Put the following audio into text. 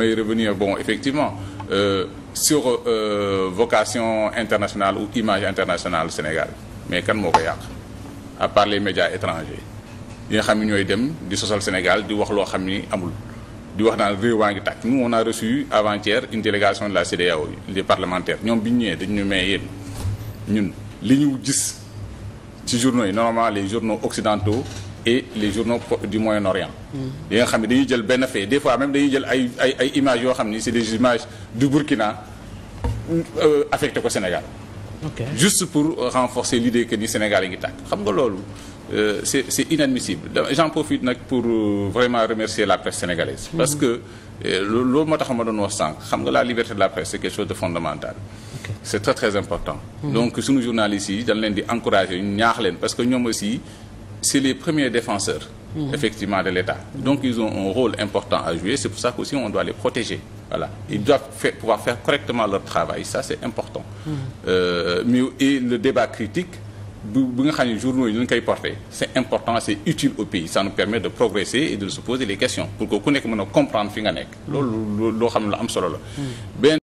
may revenir bon effectivement euh, sur euh, vocation internationale ou image internationale Sénégal mais kan moo ko yàq à part les médias étrangers yi nga xam ne ñooy dem di sosal Sénégal di wax loo xam ni amul di wax naa réew waa ngi tàkk nous on a reçu avant-hier une délégation de la CEDEAO les parlementaires ñoom bi ñu ñëwee dañu ñu may yéen ñun li ñu gis ci journaux yi normalement les journaux occidentaux et les journaux du Moyen-Orient. yi nga xam ne dañuy jël benn fait des fois même dañuy jël ay ay images yoo xam ni c'est des images du Burkina euh, affecté ko Sénégal. ok juste pour renforcer l'idée que ni Sénégal yi ngi tàkk xam nga loolu euh, c'est c'est inadmissible j'en profite nag pour euh, vraiment remercier la presse sénégalaise. Hmm. parce que loolu moo tax ma doon wax sànq xam nga la liberté de la presse c'est quelque chose de fondamental. c'est très très important. Hmm. donc sunu journalistes yi dañ leen di encourager ñu ñaax leen parce que ñoom aussi. c'est les premiers défenseurs mmh. effectivement de l'État. Donc ils ont un rôle important à jouer, c'est pour ça qu'aussi on doit les protéger. Voilà. Ils doivent pouvoir faire correctement leur travail, c'est important. Mhm. Euh, et le débat critique bu nga xam ne journaux yi ñu koy porté c' important c' est utile au pays ça nous permet de progresser et de se poser les questions pour que ku nekk mën a comprendre fi nga nekk. Mhm. loolu loo xam ne am solo la. Mhm.